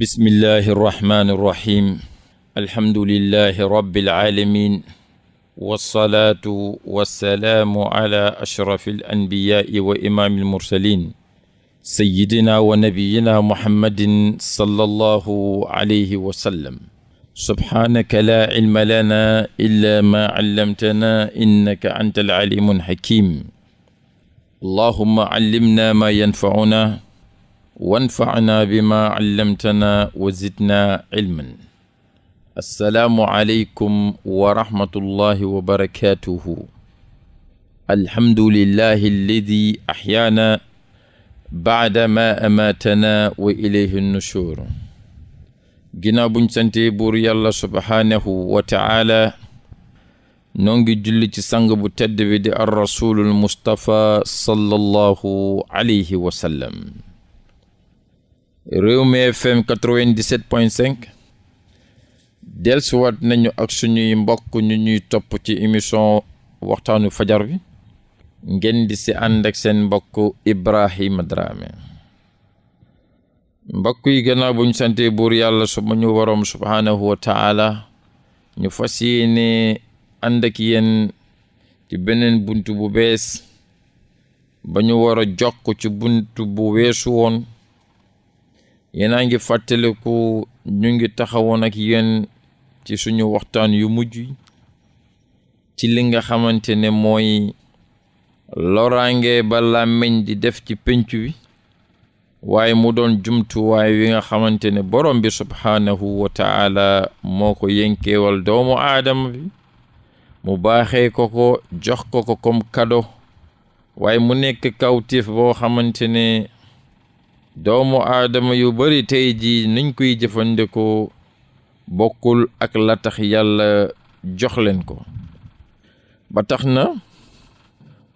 bismillahi irrahmani irrahim alhamdulillahi rabbil alamin walsalaatu walsalaamu ala ashrafi alanbiyaai wa imaami almursalin sayidina wa nabiyina muhammadin sala allahu alayhi wa sallam subhaanaka laa cilma lanaa illaa maa callamtanaa innaka anta alcaliimu alxakim allahumma callimna maa yanfacunaa wanfanaa bimaa allamtanaa wa zidnaa ilman assalaamu aleykum wa rahmatullahi wa barakaatuhu alhamdulillahi alladi axyaana baada ma amaatanaa wa ilayhi nushur ginnaaw buñ sante buur yàlla subhaanahu wa taala noo ngi julli ci sang bu tedd bi di ar rasulul mustapha sallallahu alayhi wa sallam réew Rewmi FM 97.5 dellusiwaat nañu ak suñuy mbokk ñu ñuy topp ci émission waxtaanu fajar bi ngeen di si ànd ak seen mbokk Ibrahima Dramé mbokk yi gannaaw bu ñu santee buur yàlla su ma ñu waroom subhaanahu wa taala ñu fas yéene ànd ak yéen ci beneen bunt bu bees ba ñu war jokk ci buntu bu weesu woon yéenaa ngi fàttaliku ñu ngi taxawoon ak yéen ci suñu waxtaan yu mujj ci li nga xamante ne mooy loraange ba làmmiñ di def ci pénc bi waaye mu doon jumtuwaay wi nga xamante ne borom bi subhaanahu wa taala moo ko yënkeewal doomu aadama bi mu baaxee ko ko ko kom comme cadeau mu nekk kawtif boo xamante ne doomu aadama yu bari tey jii niñ koy jëfandikoo bokkul ak la tax yàlla jox leen ko ba tax na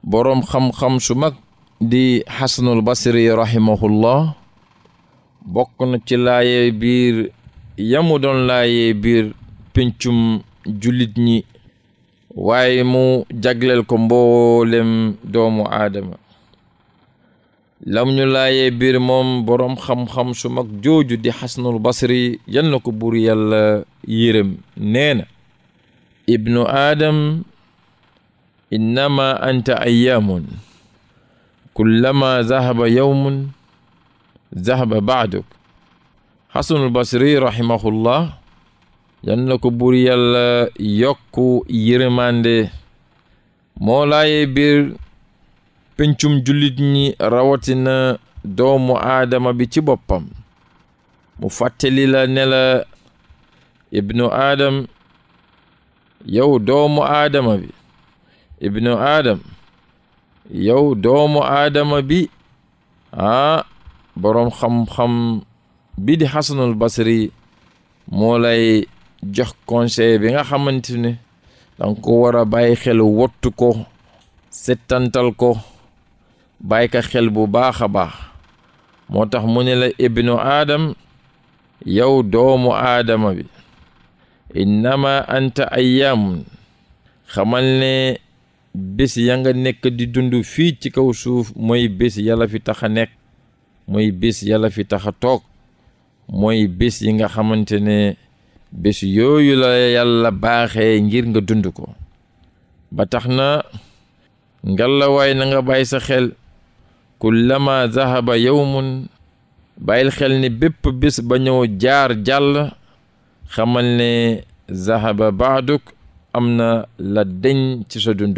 boroom xam-xam su mag di xasanul basri rahimahullah bokk na ci laayee biir yamu doon laayee biir pencum jullit ñi waaye mu jaglel ko mboolem doomu aadama lam ñu laayee biir moom boroom xam-xam su jooju di xasanul basri yal ko buur yàlla yërëm nee na ibnu aadam innama anta ayyaamun kullama zahaba yawmun zahaba baaduk xasanul basri rahimahullah yal na ko buur yokku yërëmande moo laayee biir pencum jullit ñi rawatina doomu aadama bi ci boppam mu fàttali la ne la ibnu aadam yow doomu aadama bi ibnu aadam yow doomu aadama bi ah boroom xam-xam bi di xasanul basri moo lay jox conseil bi nga xamante ne danga ko war a bàyyi xel wottu ko settantal ko bàyyi ka xel bu baax a baax moo tax mu ne la ibnu aadam yow doomu aadama bi innama anta ayyaamun xamal ne bés ya nga nekk di dund fii ci kaw suuf mooy bés yàlla fi tax a nekk mooy bés yàlla fi tax a toog mooy bés yi nga xamante ne bés yooyu la yàlla baaxee ngir nga dund ko ba tax na ngalla waay na sa xel kullama zahaba yawmun bàyyil xel ni bépp bés ba ñëw jaar jàll xamal ne zahaba baaduk am na la deñ ci sa dund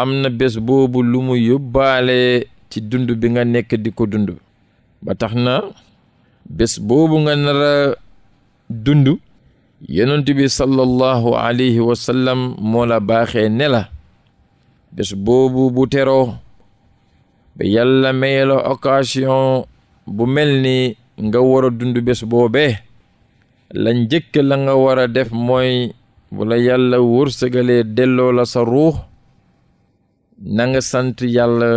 am na bés boobu lu yóbbaale ci dund bi nga nekk di ko dund ba tax na bés boobu nga nar a dund bi sallallahu alayhi wa sallam moo la baaxee ne la ba yàlla may la bu mel ni nga war a dund bés boobee la njëkk la nga war a def mooy bu la yàlla wërsëgalee delloo la sa ruux na sant yàlla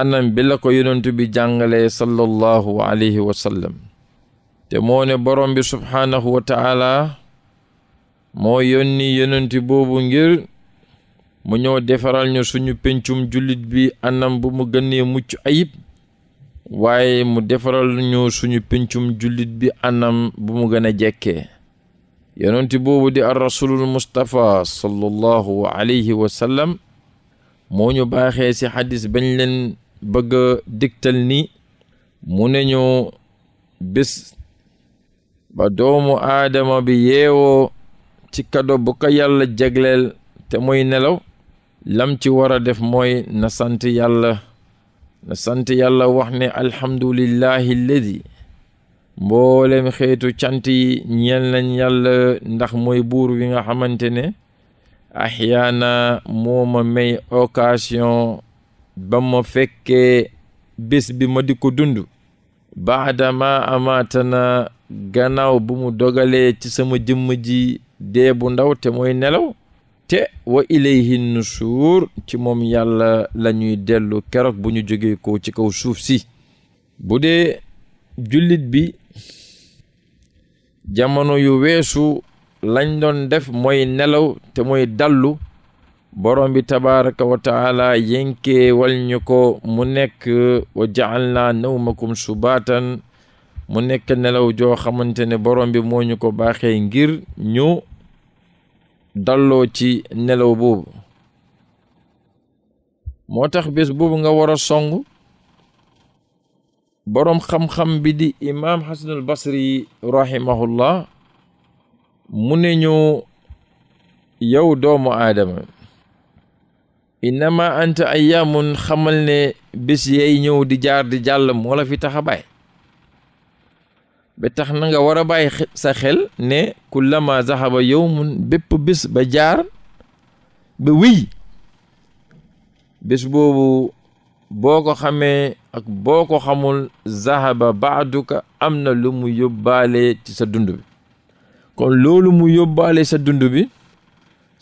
anam bi la ko yonent bi jàngalee sallallahu alayhi te moo ne subhaanahu wa moo yónni yonent boobu mu ñëw defaral ñu suñu pencum jullit bi anam bu mu gënee mucc ayib waaye mu defaral ñu suñu pencum jullit bi anam bu mu gën a jekkee yonent boobu di ar rasulul mustapha sallallahu alayhi wa sallam moo ñu baaxee ci xadis bañ leen bëgg a ni mu ne ñu bés ba doomu aadama bi yeewoo ci kado bu ko yàlla te muy nelaw lam ci war a def mooy na sant yàlla na sant yàlla wax ne alhamdulillahi ledi mboolem xeetu cant yi ñeel nañ ndax mooy buur wi nga xamante ne axyaana moo ma may occasion ba ma fekkee bés bi ma di ko dundu baadama amaatana gannaaw bu mu dogalee ci sama jëmm ji dee ndaw te mooy nelaw te wa ilayhi nusuur ci moom yàlla lañuy ñuy dellu keroog bu ñu jógee ko ci kaw suuf si bu dee jullit bi jamono yu weesu lañ doon def mooy nelaw te mooy dallu borom bi tabaraka wa taala yénkee wal ko mu nekk wa ja'alnaa nawmakum subaatan mu nekk nelaw joo xamante ne borom bi ko baaxee ngir ñu dalloo ci nelaw boobu moo tax bés boobu nga war a song boroom xam-xam bi di imaam xasanul basri rahimahullah mu ne ñu yow doomu aadama innama anta ayaamun xamal ne bés yay ñëw di jaar di jàll moo la fi tax a ba tax na nga war a bàyyi sa xel ne kullama yow yawmun bépp bés ba jaar ba wéy bés boobu boo xamee ak boo ko xamul zahaba baaduka am na lu mu yóbbaale ci sa dund kon loolu mu yóbbaale sa dund bi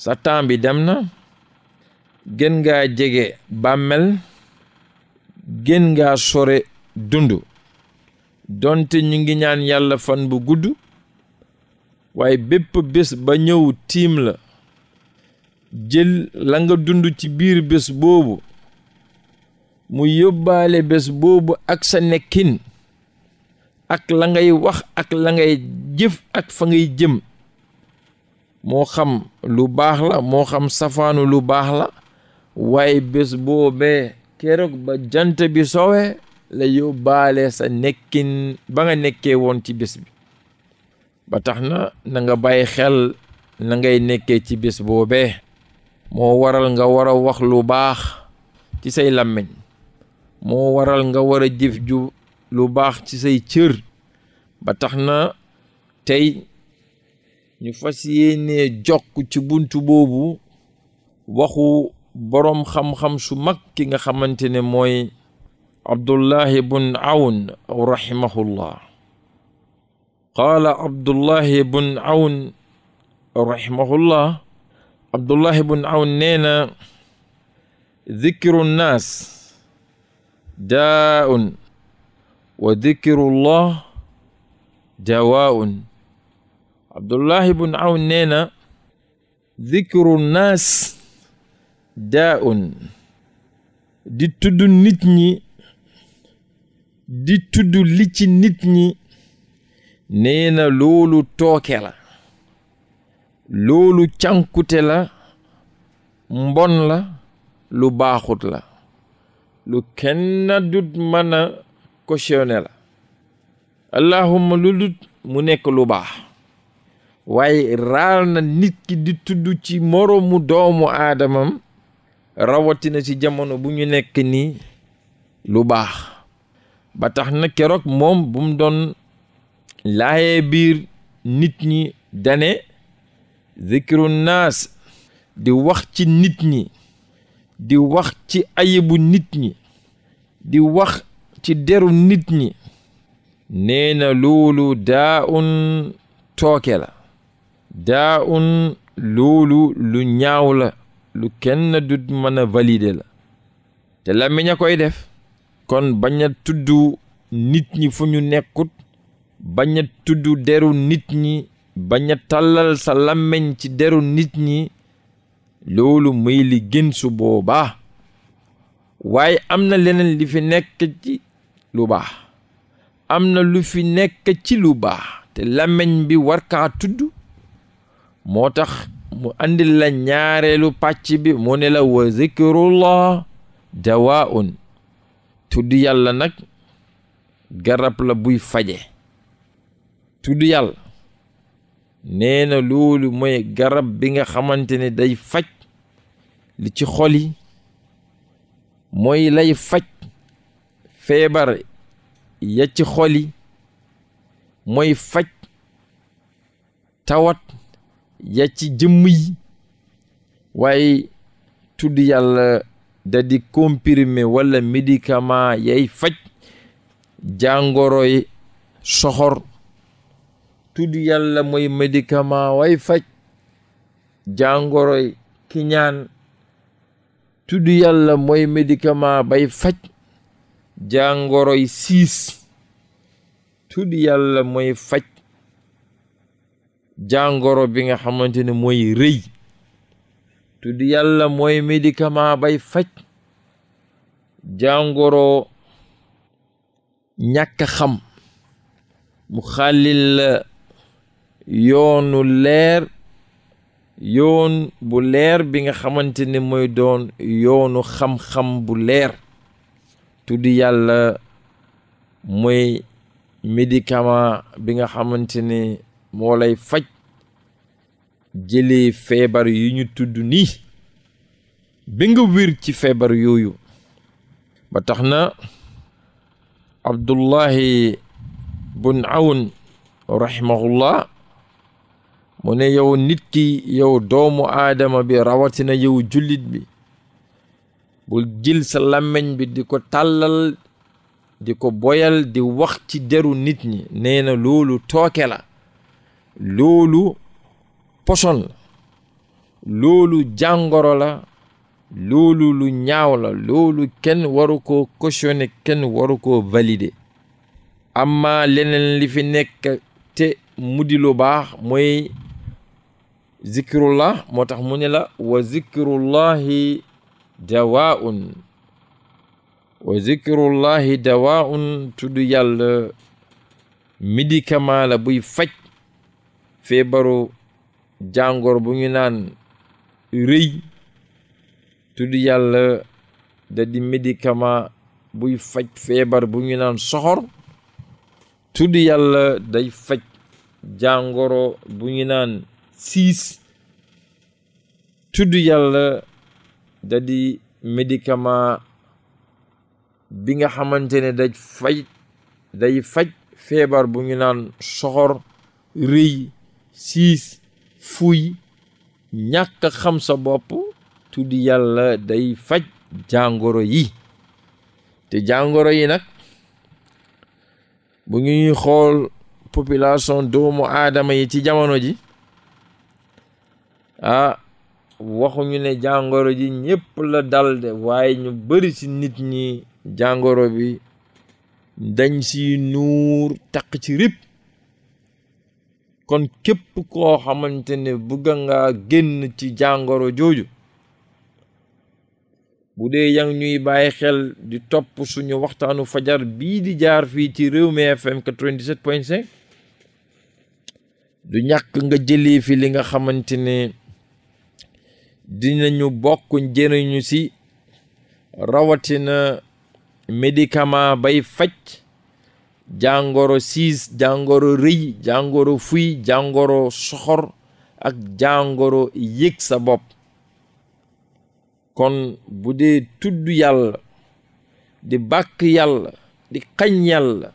sa temps bi dem na gën ngaa jege bàmmel gën ngaa sore dund donte ñu ngi ñaan yàlla fan bu gudd waaye bépp bés ba ñëw tiim la jël la nga dund ci biir bés boobu mu yóbbaale bés boobu ak sa nekkin ak la ngay wax ak la ngay jëf ak fa ngay jëm moo xam lu baax la moo xam safaanu lu baax la waaye bés boobee keroog ba jant bi soowee la yóbbaale sa nekkin ba nga nekkee woon ci bés bi ba tax na na nga bàyyi xel na ngay nekkee ci bés boobee moo waral nga war wax lu baax ci say làmmiñ moo waral nga war a jëf ju lu baax ci say cër ba tax na tey ñu fas yéenee jokk ci bunt boobu waxu boroom xam-xam su mag ki nga xamante ne mooy abdullahi bun awn rahimahullah qaala abdullahi bun awn rahimahullah abdullahi bun awn nee na dikru nnaas daa'un wa dikrullah dawaa'un abdullahi bun awn nee na dikru nnaas daa'un di tudd nit ñi di tudd li nit ñi neena na loolu tooke la loolu cànkute la mbon la lu baaxut la lu kenn dut mën a cautionné la allahumma lu dut mu nekk lu baax waaye raal na nit ki di tudd ci moroomu doomu aadamam rawatina ci jamono bu ñu nekk nii lu baax ba tax na keroog moom bum doon laayee biir nit ñi dane zikru naas di wax ci nit ñi di wax ci ayibu nit ñi di wax ci deru nit ñi nee na loolu daa un tooke la daa un loolu lu ñaaw la lu kenn du mën a valider la te làmmiñ koy def kon bañ a tudd nit ñi fu ñu nekkut bañ a deru nit ñi bañ a tàllal sa làmmiñ ci deru nit ñi loolu muy li gën su waaye am na leneen li fi nekk lu baax am na lu fi nekk ci lu baax te làmmiñ bi war tudd moo tax mu andil la ñaareelu pàcc bi mu ne la wa zikrullah dawaun tudd yàlla nag garab la buy faje tudd yàlla nee na loolu mooy garab bi nga xamante ne day faj li ci xol yi mooy lay faj feebar ya ci xol yi mooy faj tawat ya ci jëmm yi tudd yàlla da di comprimé walla médicament yay faj jàngoroy soxor tudd yàlla moy médicament way faj jàngoroy kiñaan tudd yàlla mooy médicament bay faj jàngoroy siis tudd yàlla moy faj jàngoro bi nga xamante ne mooy rëy tudd yàlla mooy médicament bay faj jàngoro ñàkk xam mu xàllil yoonu leer yoon bu leer bi nga xamante ni mooy doon yoonu xam-xam bu leer tudd yàlla mooy médicament bi nga xamante moo lay faj jëlee feebar yi ñu tudd nii bi nga wér ci feebar yooyu ba tax na abdullahi bun awn rahimahullah mu ne yow nit ki yow doomu aadama bi rawatina yow jullit bi bul jël sa làmmiñ bi di ko tàllal di ko boyal di wax ci deru nit ñi nee na loolu tooke la loolu poson la loolu jàngoro la loolu lu ñaaw la loolu kenn waru koo kenn waru koo validé amma leneen li fi nekk te mu di lu baax mooy zikrullah moo tax mu ne la wa zikrullahi dawaun wa zikrullahi dawaun la buy faj feebaru jàngoro bu ñu naan rëy tudd yàlla da di médicament buy faj feebar bu ñu naan soxor tudd yàlla day faj jàngoro bu ñu naan siis tudd yàlla da di médicament bi nga xamante ne day faj day faj feebar bu ñu naan soxor rëy siis fuy ñàkk xam sa bopp tuddi yàlla day faj jàngoro yi te jàngoro yi nag bu ñuy xool populason doomu aadama yi ci jamono ji ah waxuñu ne jàngoro ji ñépp la dalde waaye ñu bari ci nit ñi jàngoro bi dañ ci nuur taq ci rip kon képp koo xamante ne bëgg ngaa génn ci jàngoro jooju bu dee yang ñuy bàyyi xel di topp suñu waxtaanu fajar bii di jaar fii ci réew Rewmi FM 97.5 du ñàkk nga jëlee fi li nga xamante ne dinañu bokk njëriñu si rawatina médicament bay faj jàngoro siis jàngoro rëy jàngoro fuy jàngoro soxor ak jàngoro yëg sa bopp kon bu dee tudd yàlla di bàkk yàlla di xañ yàlla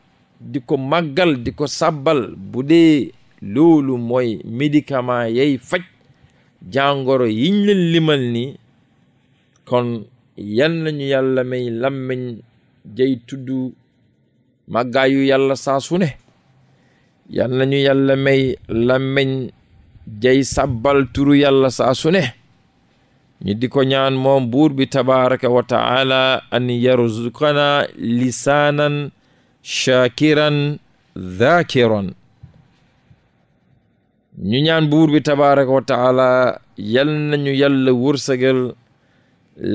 di ko màggal di ko sàbbal bu dee loolu mooy médicament yay faj jàngoro yiñ leen limal ni kon yan lañu yàlla may làmmiñ jay tudd màggaayu yàlla saa su ne yal nañu yàlla may làmmiñ jay sabbal turu yàlla saa ñu di ko ñaan moom buur bi tabaraka wa taala an yarzuqana lisaanan shakiran dhakiran ñu ñaan buur bi tabaraka wa taala yal nañu yàlla wërsëgal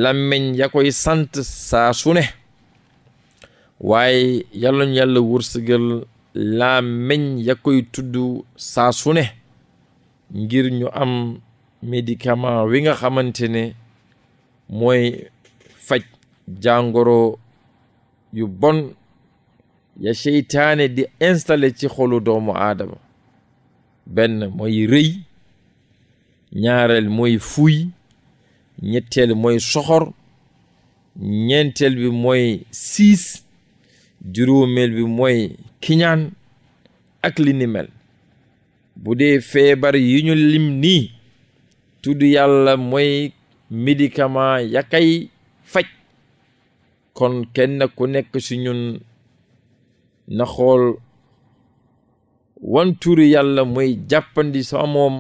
làmmiñ ya koy sant saa waaye yàlla ñu yàlla wërsëgal laa meñ ya koy tudd saa ngir ñu am médicament wi nga xamante ne mooy faj jàngoro yu bon ya seytaane di installé ci xolu doomu aadama benn mooy rëy ñaareel mooy fuy ñetteel mooy soxor ñeenteel bi mooy siis juróomeel bi mooy kiñaan ak li ni mel bu dee feebar yi ñu lim nii tudd yàlla mooy médicament yakay faj kon kenn ku nekk ci ñun na xool wan turu yàlla mooy jàppandi sama moom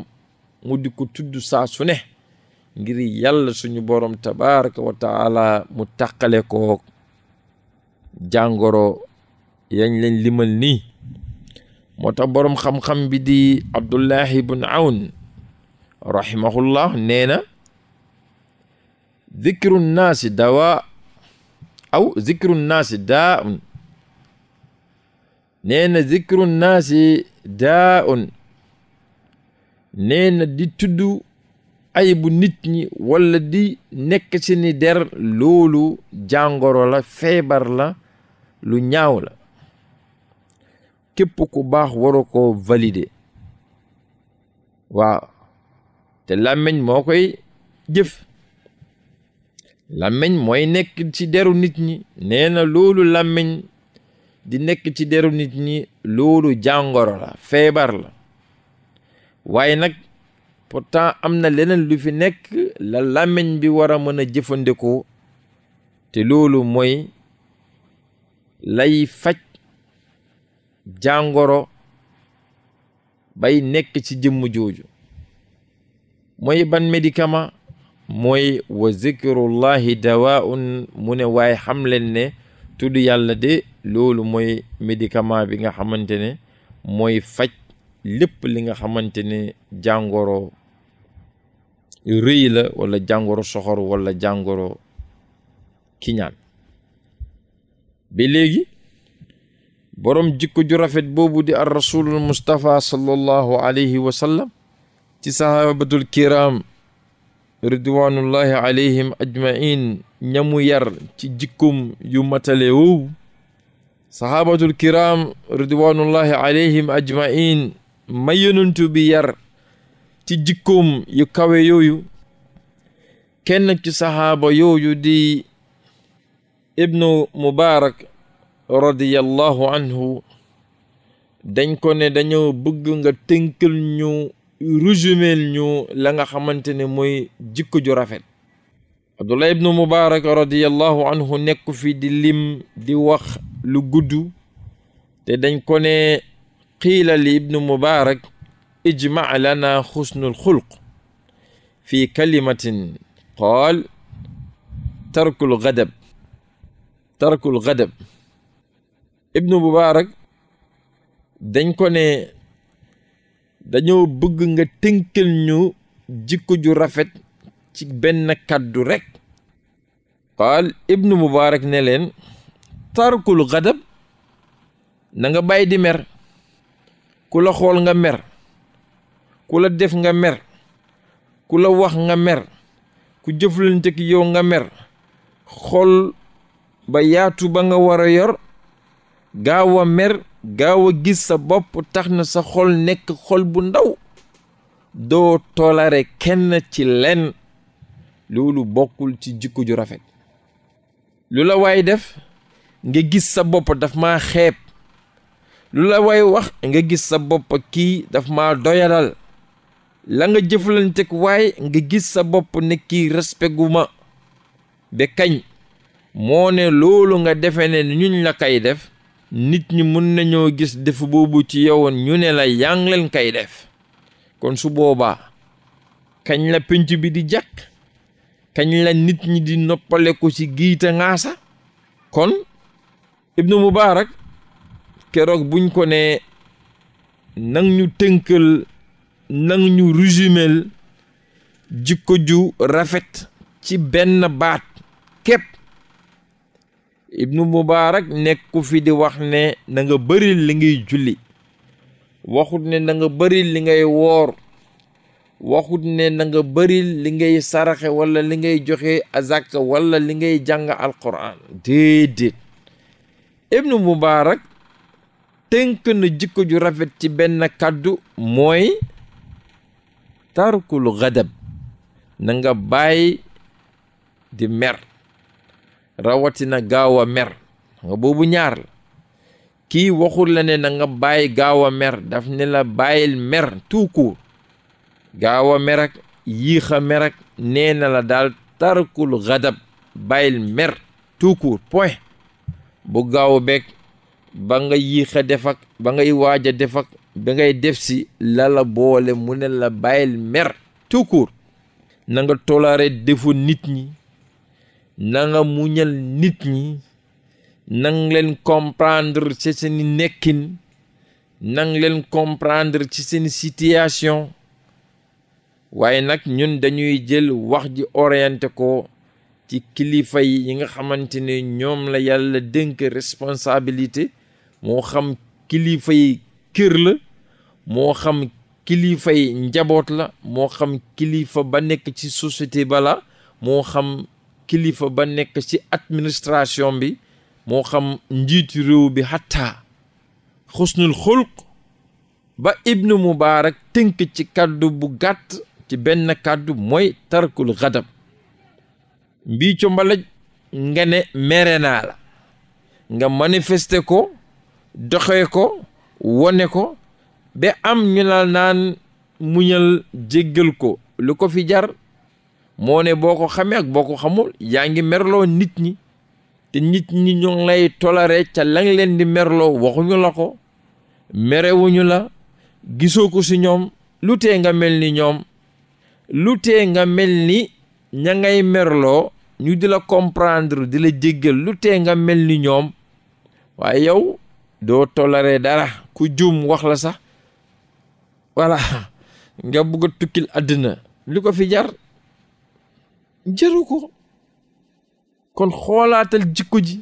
mu di ko tudd saa su ne ngir yàlla suñu borom tabaraka wa taala mu tàqale ko jàngoro yañ leen limal nii moota tax boroom xam-xam bi di abdullahi ibn awn rahimahullah nee na zikru dawa aw zikru naasi daa naasi daa un di tudd ay nit ñi walla di nekk ci ni der loolu jàngoro la feebar la lu ñaaw la képp ku baax waroo koo valider waaw te làmmiñ moo koy jëf làmmiñ mooy nekk ci deru nit ñi nee na loolu làmmiñ di nekk ci deru nit ñi loolu jàngoro la feebar la waaye nag pourtant am na leneen lu fi nekk la làmmiñ bi wara a mën a jëfandikoo te loolu moy lay faj jàngoro bay nekk ci jëmm jooju mooy ban médicament mooy wa zikrullahi dawaun mu ne waay xam leen ne tudu yàlla de loolu mooy médicament bi nga xamante ne mooy faj lépp li nga xamante ne jàngoro rëy la wala jàngoro soxor wala jàngoro kiñaan ba léegi borom jikko ju rafet boobu di ar rasulul mustapha sallallahu alayhi wa sallam ci sahabatul kiram ridwanullahi ñamu yar ci jikkum yu matale woowu sahabatul kiram ridwanullahi alayhim ajmain bi yar ci jikkoom yu kawe yooyu kenn ci sahaaba yooyu di ibnu mubaarak radiyallahu anhu dañ ko ne dañoo bëgg nga tënkal ñu résumeel ñu la nga xamante ne mooy jikko ju rafet abdullah ibnu mubaarak radiyallahu anhu nekk fi di lim di wax lu gudd te dañ ko ne qiila li ibnu mubaarak ijma lana xusnul xulq fi kalimatin qaal tarkul gadab tarkul xadab ibnu mubaarak dañ ko ne dañoo bëgg nga tënkal ñu jikko ju rafet ci benn kàddu rekk qaal ibnu mubaarak ne leen tarkul xadab na nga bay di mer ku la xool nga mer ku la def nga mer ku la wax nga mer ku jëflante ki yow nga mer xol ba yaatu ba nga war a yor gaaw a mer gaaw a gis sa bopp tax na sa xol nekk xol bu ndaw doo tolare kenn ci lenn loolu bokkul ci jikko ju rafet lu la waay def nga gis sa bopp daf ma xeeb lu la waay wax nga gis sa bopp kii daf ma doyalal la nga jëflanteeg waay nga gis sa bopp ne kii respeguma gu kañ moone loolu nga defe ne ñuñ la kay def nit ñi mun nañoo gis def boobu ci yow ñu ne la yaa kay def kon su boobaa kañ la penc bi di jakk kañ la nit ñi di noppale ko ci giita ŋaasa kon ibnu mubaarak keroog buñ ko ne nang ñu tënkal nang ñu résumel jikko ju rafet ci benn baat képp ibnu mubaarak nekku fi di wax ne nanga nga li ngay julli waxut ne na nga bëri li ngay woor waxut ne nanga nga li ngay saraxe wala li ngay joxe azaka walla li ngay jàng alquran déedéet ibnu mubaarak tënk na jikko ju rafet ci benn kàddu mooy tarkul gadab nanga bàyyi di mer rawatina gaaw a mer nga boobu ñaar la kii waxul la ne nanga nga bàyyi gaaw a mer daf ne la bàyyil mer tout court gaaw a mer yiix a mer nee na la daal tarkul xadab bàyyil mer tout court bu gaaw beeg ba nga yiix a def ba ngay waaj a defak ak ba ngay def si lala boole mu ne la bàyyil mer tout court na defu nit ñi na nga muñal nit ñi nang leen comprendre ci seeni nekkin nang leen comprendre ci seeni situation waaye nag ñun dañuy jël wax ji orienté ko ci kilifa yi nga xamante ne ñoom la yàlla dénk responsabilité moo xam kilifa yi kër la moo xam kilifa yi njaboot la moo xam kilifa ba nekk ci société ba moo xam kilifa ba nekk ci administration bi moo xam njiitu réew bi xattaa xusnul xulq ba ibnu mubaarak tënk ci kàddu bu gàtt ci benn kàddu mooy tarkul xadab mbii co mbalaj nga ne nga manifeste ko doxe ko wone ko ba am ñu naan muñal jéggal ko lu ko fi jar moo ne boo ko xamee ak boo ko xamul yaa ngi merloo nit ñi te nit ñi ñu ngi lay toléré ca la leen di merloo waxuñu la ko merewuñu la gisoo ko ci ñoom lu tee nga mel ni ñoom lu tee nga mel ni ña ngay merloo ñu di la comprendre di la jéggal lu tee nga mel ni ñoom waaye yow doo toléré dara ku juum wax la sax voilà nga bëgg a tukkil àddina li ko fi jar jaru ko kon xoolaatal jikko ji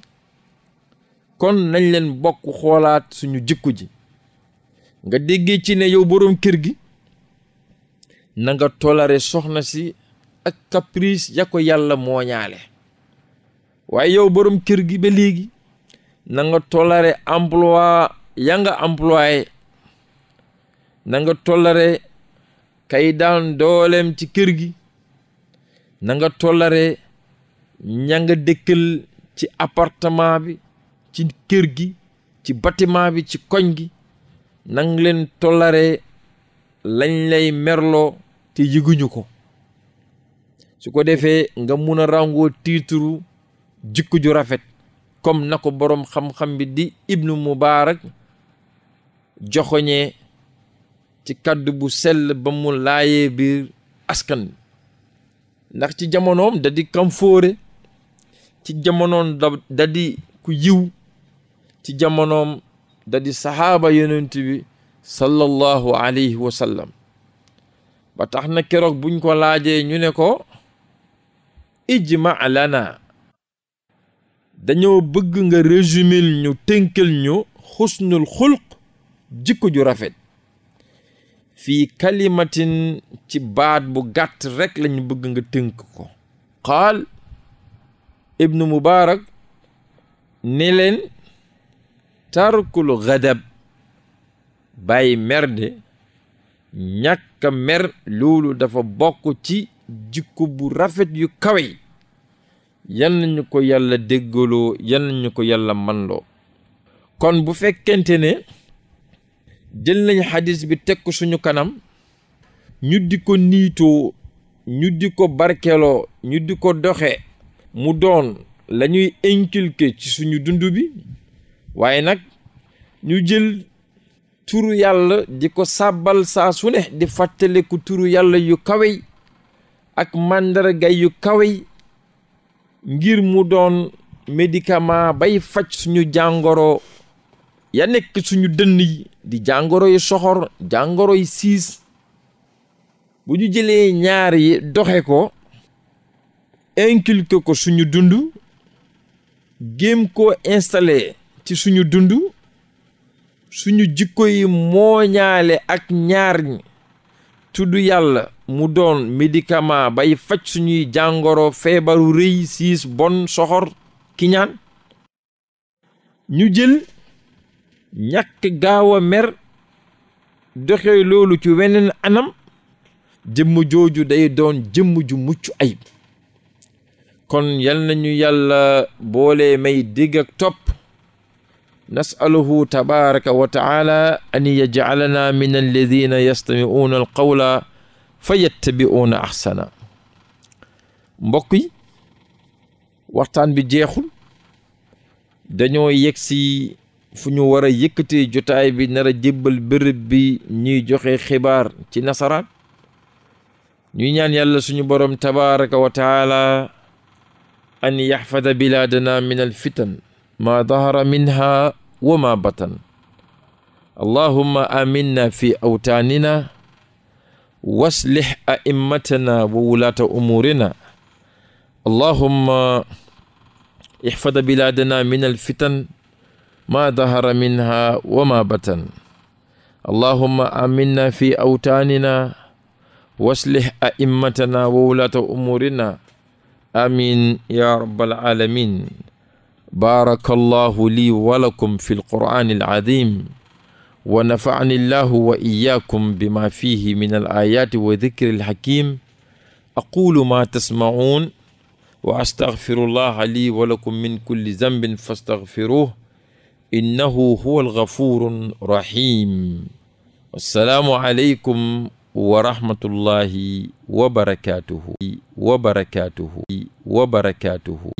kon nañ leen bokk xoolaat suñu jikko ji nga déggee ci ne yow boroom kër gi na nga tolare soxna si ak caprice ya ko yàlla mooñaale waaye yow boroom kër gi ba léegi na nga tolare emploi ya nga employé na nga tolare kay daan dooleem ci kër gi nanga tollare ña nga dëkkal ci appartement bi ci kër gi ci bâtiment bi ci koñ gi nang leen tollare lañ lay merloo te yëguñu ko su ko defee nga mun a ràngoo tiituru jikko ju rafet comme na ko boroom xam-xam bi di ibnu mubaarak joxoñee ci kàddu bu sell ba mu laayee biir askan ndax ci jamonoom da di kamfóore ci jamonoom da da ku yiw ci jamonoom da di saxaaba yonent bi sallallahu alayhi wa ba tax na keroog buñ ko laajee ñu ne ko ijma lana dañoo bëgg nga résumil ñu tënkal ñu xusnul xulq jikko ju rafet fii kalimatin ci baat bu gàtt rekk lañu bëgg nga tënk ko qaal ibnu mubaarak ni leen tarkul gadab bay mer de ñàkka mer dafa bokk ci jikko bu rafet yu kawe yan nañu ko yàlla déggaloo yan nañu ko yàlla manloo kon bu fekkente jël nañ xadis bi teg ko suñu kanam ñu di ko niitoo ñu di ko barkeloo ñu di ko doxe mu doon lañuy ñuy ci suñu dund bi waaye nag ñu jël turu yàlla di ko sàbbal saa su ne di fàttaliku turu yàlla yu kawey ak màndargay yu kawey ngir mu doon médicament bay faj suñu jàngoro ya nekk suñu dënn yi di jàngoro yi soxor jàngoro siis bu ñu jëlee ñaar yi doxe ko inculqué ko suñu dund géem koo installé ci suñu dundu suñu jikko yi mooñaale ak ñaar ñi tudd yàlla mu doon médicament bay faj suñuy jàngoro feebaru rëy siis bon soxor kiñaan ñu jël ñàkk gaaw a mer doxee loolu ci weneen anam jëmm jooju day doon jëmm ju mucc ayib kon yal nañu yàlla boole may dégg topp nasaluhu tabaraka wa taala an yajcalana min alladina yastamicuuna alqawla fa yattabicuuna axsana mbokk waxtaan bi jeexul dañoo yegg fu ñu war a yëkkatee jotaay bi nar a jébbal bërëb bi ñuy joxe xibaar ci nasaraan ñu ñaan yàlla suñu borom tabaraka wa taala an yaxfada bilaadana min alfitan maa dahara minha wa ma batan allahumma aminna fi awtaanina waslih a'immatana wa wulaata umuurina allahumma ixfada bilaadana min alfitan maa dahara minha wa ma batan allahumma aminna fi awtaanina waslih a'immatana wa wulaata umurina amin ya rabbal alamin baarakallahu lii wa lakum fi lqur'ani alazim wa nafa'ani llahu wa iyyakum bima fihi min alayati wa dhikri alhakim aqulu ma tasma'un wa astaghfiru llaha lii wa lakum min kulli zambin fastaghfiruhu innahu huwa algafuuru rahim assalaamu aleykum wa rahmatullahi wa barakaatuhu wa barakaatuhu wa barakaatuhu